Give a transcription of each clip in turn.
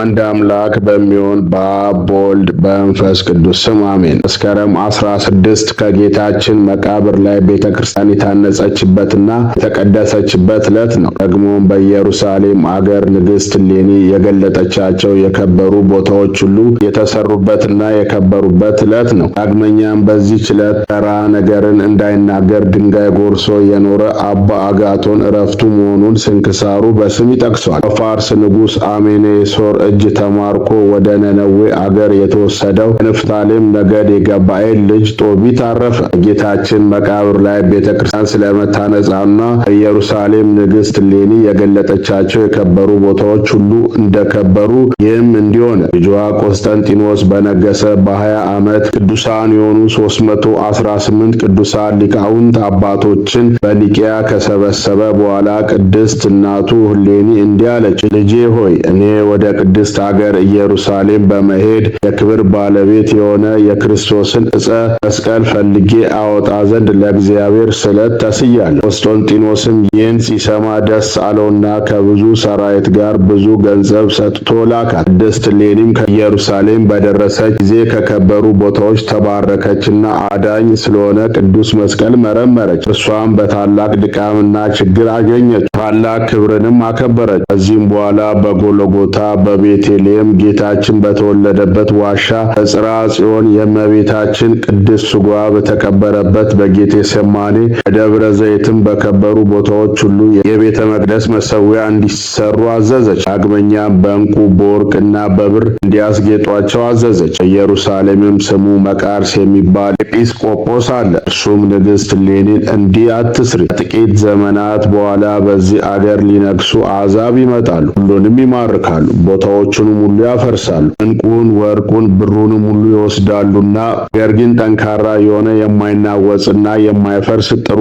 አንድ አምላክ በሚሆን በአብ በወልድ በመንፈስ ቅዱስ ስም አሜን። መስከረም 16 ከጌታችን መቃብር ላይ ቤተ ክርስቲያን የታነጸችበትና የተቀደሰችበት ዕለት ነው። ደግሞም በኢየሩሳሌም አገር ንግሥት ሌኒ የገለጠቻቸው የከበሩ ቦታዎች ሁሉ የተሰሩበትና የከበሩበት ዕለት ነው። ዳግመኛም በዚህች ዕለት ተራ ነገርን እንዳይናገር ድንጋይ ጎርሶ የኖረ አባ አጋቶን እረፍቱ መሆኑን ስንክሳሩ በስም ይጠቅሷል። በፋርስ ንጉሥ ሶር እጅ ተማርኮ ወደ ነነዌ አገር የተወሰደው የንፍታሌም ነገድ የገባኤል ልጅ ጦቢት አረፈ። ጌታችን መቃብር ላይ ቤተ ክርስቲያን ስለመታነጻና ኢየሩሳሌም ንግሥት ሌኒ የገለጠቻቸው የከበሩ ቦታዎች ሁሉ እንደከበሩ ይህም እንዲሆነ ልጇ ቆስጠንጢኖስ በነገሰ በሀያ ዓመት ቅዱሳን የሆኑ ሶስት መቶ አስራ ስምንት ቅዱሳን ሊቃውንት አባቶችን በኒቅያ ከሰበሰበ በኋላ ቅድስት እናቱ ሌኒ እንዲህ አለች፣ ልጄ ሆይ እኔ ወደ ቅድስት አገር ኢየሩሳሌም በመሄድ የክብር ባለቤት የሆነ የክርስቶስን ዕፀ መስቀል ፈልጌ አወጣ ዘንድ ለእግዚአብሔር ስለት ተስያለሁ። ቆስጦንጢኖስም ይህን ሲሰማ ደስ አለውና ከብዙ ሰራዊት ጋር ብዙ ገንዘብ ሰጥቶ ላካት። ቅድስት ሌኒም ከኢየሩሳሌም በደረሰች ጊዜ ከከበሩ ቦታዎች ተባረከችና አዳኝ ስለሆነ ቅዱስ መስቀል መረመረች። እርሷም በታላቅ ድካምና ችግር አገኘች። በመሐላ ክብርንም አከበረች። ከዚህም በኋላ በጎለጎታ በቤተልሔም ጌታችን በተወለደበት ዋሻ በጽርሐ ጽዮን የእመቤታችን ቅድስት በተከበረበት በተቀበረበት ሰማኔ በደብረ ዘይትም በከበሩ ቦታዎች ሁሉ የቤተ መቅደስ መሰዊያ እንዲሰሩ አዘዘች። ዳግመኛ በዕንቁ እና በብር እንዲያስጌጧቸው አዘዘች። በኢየሩሳሌምም ስሙ መቃርስ የሚባል ኤጲስቆጶስ አለ። እርሱም ንግሥት ሌኒን እንዲህ አትስሪ፣ ከጥቂት ዘመናት በኋላ በዚህ በዚህ አገር ሊነግሱ አሕዛብ ይመጣሉ፣ ሁሉንም ይማርካሉ፣ ቦታዎቹንም ሁሉ ያፈርሳሉ፣ እንቁን ወርቁን ብሩንም ሁሉ ይወስዳሉና ነገር ግን ጠንካራ የሆነ የማይናወጽና የማይፈርስ ጥሩ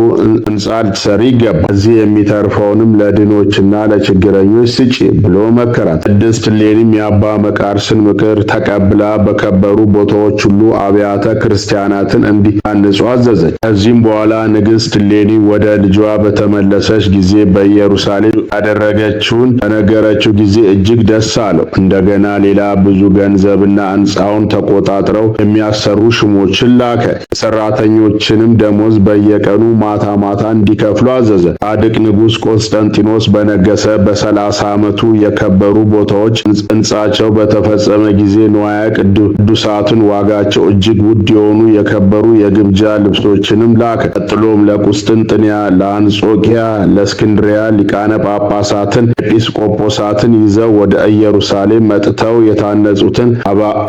ሕንጻ ልትሰሪ ይገባል። እዚህ የሚተርፈውንም ለድኖችና ለችግረኞች ስጪ ብሎ መከራት። ቅድስት ሌኒም የአባ መቃርስን ምክር ተቀብላ በከበሩ ቦታዎች ሁሉ አብያተ ክርስቲያናትን እንዲታንጹ አዘዘች። ከዚህም በኋላ ንግሥት ሌኒ ወደ ልጇ በተመለሰች ጊዜ ኢየሩሳሌም ያደረገችውን በነገረችው ጊዜ እጅግ ደስ አለው። እንደገና ሌላ ብዙ ገንዘብና ሕንፃውን ተቆጣጥረው የሚያሰሩ ሹሞችን ላከ። ሰራተኞችንም ደሞዝ በየቀኑ ማታ ማታ እንዲከፍሉ አዘዘ። ጻድቅ ንጉሥ ቆስጠንጢኖስ በነገሰ በሰላሳ ዓመቱ የከበሩ ቦታዎች ሕንፃቸው በተፈጸመ ጊዜ ንዋያ ቅዱሳቱን ዋጋቸው እጅግ ውድ የሆኑ የከበሩ የግብጃ ልብሶችንም ላከ። ቀጥሎም ለቁስጥንጥንያ፣ ለአንጾኪያ፣ ለእስክንድሪያ ሊቃነ ጳጳሳትን፣ ኤጲስቆጶሳትን ይዘው ወደ ኢየሩሳሌም መጥተው የታነጹትን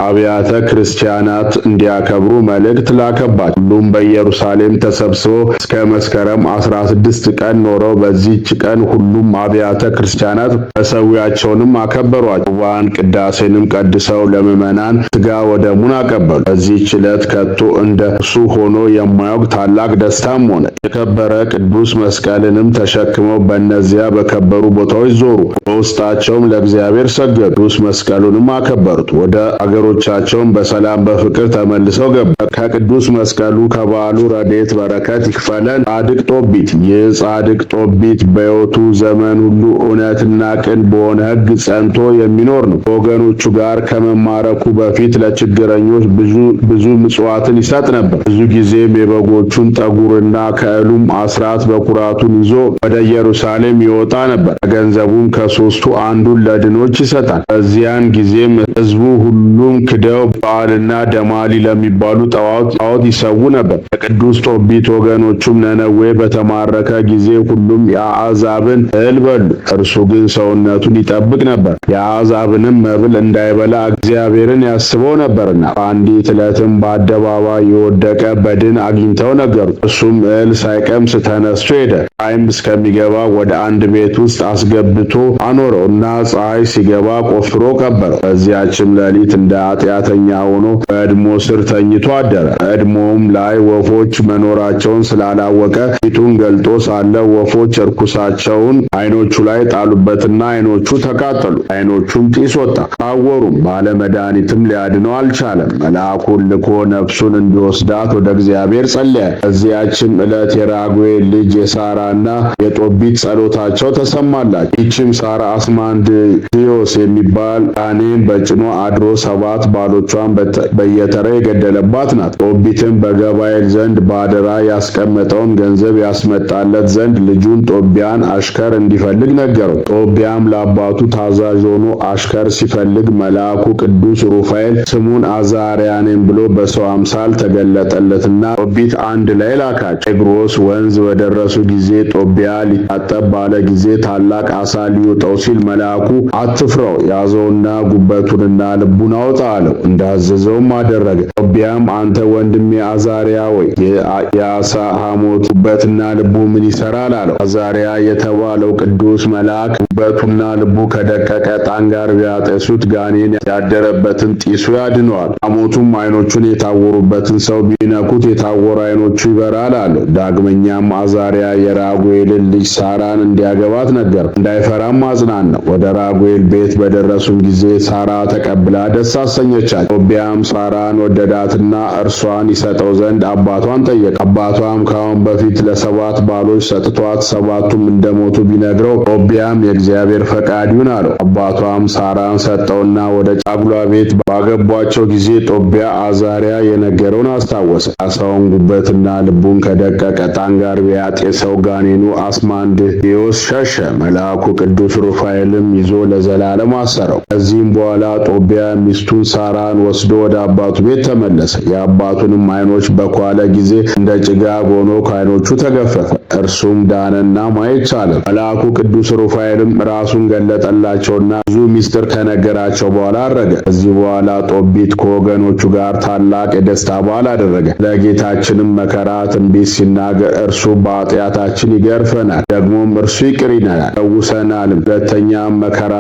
አብያተ ክርስቲያናት እንዲያከብሩ መልእክት ላከባቸው። ሁሉም በኢየሩሳሌም ተሰብስበው እስከ መስከረም አስራ ስድስት ቀን ኖረው በዚህች ቀን ሁሉም አብያተ ክርስቲያናት መሰዊያቸውንም አከበሯቸው። ዋን ቅዳሴንም ቀድሰው ለምእመናን ሥጋ ወደሙን አቀበሉ። በዚህች ዕለት ከቶ እንደ እሱ ሆኖ የማያውቅ ታላቅ ደስታም ሆነ። የከበረ ቅዱስ መስቀልንም ተሸክመው በ በእነዚያ በከበሩ ቦታዎች ዞሩ። በውስጣቸውም ለእግዚአብሔር ሰገዱ። ቅዱስ መስቀሉንም አከበሩት። ወደ አገሮቻቸውም በሰላም በፍቅር ተመልሰው ገቡ። ከቅዱስ መስቀሉ ከበዓሉ ረድኤት በረከት ይክፈለን። ጻድቅ ጦቢት። ይህ ጻድቅ ጦቢት በሕይወቱ ዘመን ሁሉ እውነትና ቅን በሆነ ሕግ ጸንቶ የሚኖር ነው። ከወገኖቹ ጋር ከመማረኩ በፊት ለችግረኞች ብዙ ምጽዋትን ይሰጥ ነበር። ብዙ ጊዜም የበጎቹን ጠጉርና ከእሉም አስራት በኩራቱን ይዞ ወደ ኢየሩሳሌም ከኢየሩሳሌም ይወጣ ነበር። ገንዘቡም ከሶስቱ አንዱን ለድኖች ይሰጣል። በዚያን ጊዜም ህዝቡ ሁሉም ክደው በዓልና ደማሊ ለሚባሉ ጣዖት ይሰዉ ነበር። ከቅዱስ ጦቢት ወገኖቹም ነነዌ በተማረከ ጊዜ ሁሉም የአሕዛብን እህል በሉ። እርሱ ግን ሰውነቱን ይጠብቅ ነበር፣ የአሕዛብንም መብል እንዳይበላ እግዚአብሔርን ያስበው ነበርና። በአንዲት ዕለትም በአደባባይ የወደቀ በድን አግኝተው ነገሩት። እሱም እህል ሳይቀምስ ተነስቶ ሄደ። ፀሐይም እስከሚገባ ወደ አንድ ቤት ውስጥ አስገብቶ አኖረውና ፀሐይ ሲገባ ቆፍሮ ቀበረው። በዚያችም ሌሊት እንደ አጢአተኛ ሆኖ በእድሞ ስር ተኝቶ አደረ። በእድሞውም ላይ ወፎች መኖራቸውን ስላላወቀ ፊቱን ገልጦ ሳለ ወፎች እርኩሳቸውን አይኖቹ ላይ ጣሉበትና አይኖቹ ተቃጠሉ። አይኖቹም ጢስ ወጣ፣ ታወሩም። ባለመድኃኒትም ሊያድነው አልቻለም። መልአኩን ልኮ ነፍሱን እንዲወስዳት ወደ እግዚአብሔር ጸለየ። በዚያችም ዕለት የራጉዌ ልጅ የሳራና የጦቢት ጸሎታቸው ተሰማላቸው። ይችም ሳራ አስማንድዮስ የሚባል ቃኔን በጭኖ አድሮ ሰባት ባሎቿን በየተራ የገደለባት ናት። ጦቢትም በገባኤል ዘንድ ባደራ ያስቀመጠውን ገንዘብ ያስመጣለት ዘንድ ልጁን ጦቢያን አሽከር እንዲፈልግ ነገረው። ጦቢያም ለአባቱ ታዛዥ ሆኖ አሽከር ሲፈልግ መልአኩ ቅዱስ ሩፋኤል ስሙን አዛሪያኔም ብሎ በሰው አምሳል ተገለጠለትና ጦቢት አንድ ላይ ላካቸው። ጤግሮስ ወንዝ በደረሱ ጊዜ ጦቢያ ሊታጠብ ባለ ጊዜ ታላቅ አሳ ሊውጠው ሲል መልአኩ አትፍራው፣ ያዘውና ጉበቱንና ልቡን አውጣ አለው። እንዳዘዘውም አደረገ። ጦቢያም አንተ ወንድሜ አዛሪያ ወይ የአሳ ሐሞት ጉበትና ልቡ ምን ይሰራል? አለው። አዛሪያ የተባለው ቅዱስ መልአክ ጉበቱና ልቡ ከደቀቀ ጣን ጋር ቢያጠሱት ጋኔን ያደረበትን ጢሱ ያድነዋል። ሐሞቱም አይኖቹን የታወሩበትን ሰው ቢነኩት የታወሩ አይኖቹ ይበራል አለው። ዳግመኛም አዛሪያ የራጉኤልን ልጅ ሳራ ሳራን እንዲያገባት ነገር እንዳይፈራም አዝናን ነው። ወደ ራጉኤል ቤት በደረሱም ጊዜ ሳራ ተቀብላ ደስ አሰኘቻት። ጦቢያም ሳራን ወደዳትና እርሷን ይሰጠው ዘንድ አባቷን ጠየቀ። አባቷም ከአሁን በፊት ለሰባት ባሎች ሰጥቷት ሰባቱም እንደሞቱ ቢነግረው ጦቢያም የእግዚአብሔር ፈቃድ ይሁን አለው። አባቷም ሳራን ሰጠውና ወደ ጫጉላ ቤት ባገቧቸው ጊዜ ጦቢያ አዛሪያ የነገረውን አስታወሰ። አሳውን ጉበትና ልቡን ከደቀቀ ዕጣን ጋር ሰው ጋኔኑ አስማንድ ሸሸ መልአኩ ቅዱስ ሩፋኤልም ይዞ ለዘላለም አሰረው። ከዚህም በኋላ ጦቢያ ሚስቱን ሳራን ወስዶ ወደ አባቱ ቤት ተመለሰ። የአባቱንም ዓይኖች በኳለ ጊዜ እንደ ጭጋግ ሆኖ ከዓይኖቹ ተገፈፈ። እርሱም ዳነና ማየት ቻለ። መልአኩ ቅዱስ ሩፋኤልም ራሱን ገለጠላቸውና ብዙ ምስጢር ከነገራቸው በኋላ አረገ። ከዚህ በኋላ ጦቢት ከወገኖቹ ጋር ታላቅ የደስታ በዓል አደረገ። ለጌታችንም መከራ ትንቢት ሲናገር እርሱ በኃጢአታችን ይገርፈናል ደግሞ ነውም እርሱ ይቅር ይለናል ይፈውሰናልም። ሁለተኛም መከራ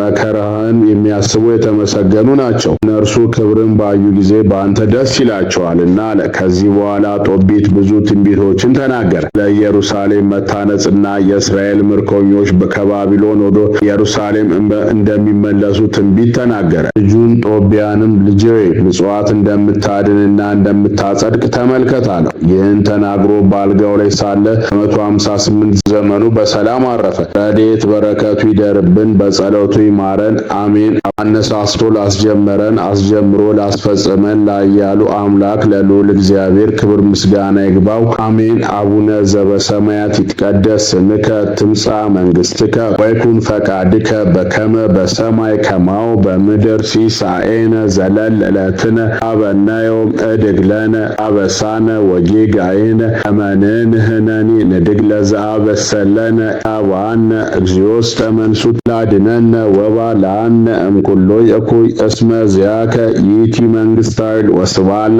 መከራህን የሚያስቡ የተመሰገኑ ናቸው፣ እነርሱ ክብርን ባዩ ጊዜ በአንተ ደስ ይላቸዋል እና አለ። ከዚህ በኋላ ጦቢት ብዙ ትንቢቶችን ተናገረ። ለኢየሩሳሌም መታነጽና የእስራኤል ምርኮኞች ከባቢሎን ወደ ኢየሩሳሌም እንደሚመለሱ ትንቢት ተናገረ። ልጁን ጦቢያንም ልጅ ምጽዋት እንደምታድንና እንደምታጸድቅ ተመልከት አለው። ይህን ተናግሮ በአልጋው ላይ ሳለ ከመቶ ሃምሳ ስምንት ዘመኑ በሰላም አረፈ። ረድኤት በረከቱ ይደርብን፣ በጸሎቱ ይማረን። አሜን። አነሳስቶ ላስጀመረን አስጀምሮ ላስፈጽመን ላያሉ አምላክ ለልዑል እግዚአብሔር ክብር ምስጋና ይግባው። አሜን። አቡነ ዘበሰማያት ይትቀደስ ስምከ ትምጻእ መንግሥትከ ወይኩን ፈቃድከ በከመ በሰማይ ከማው በምድር ሲሳኤነ ዘለለ ዕለትነ ሀበነ ዮም እድግ ለነ አበሳነ ወጌጋየነ ከመ ንሕነኒ ንድግ ለነ አባነ እግዚኦስተ መንሱት ላድነነ ወባ ለአነ እምኩሎ እኩይ እስመ ዚያከ ይቲ መንግሥተ ኃይል ወስብሐት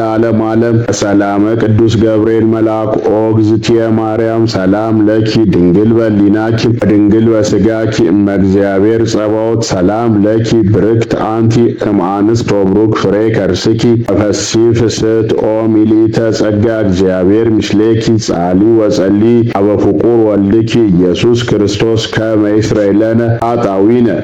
ዓለም። ሰላመ ቅዱስ ገብርኤል መልአክ ኦግዝቲ ማርያም ሰላም ለኪ ድንግል በሊናኪ ድንግል በስጋኪ እመ እግዚአብሔር ጸባዖት ሰላም ለኪ ብርክት አንቲ እምአንስት ቶብሩክ ፍሬ ከርስኪ ፈሲ ፍስት ኦ ሚሊተ ጸጋ እግዚአብሔር ምስሌኪ ጻሊ ወጸሊ አበፍቁር ወልድኪ ኢየሱስ ክርስቶስ ከመ ይስረይ ለነ ኃጣውኢነ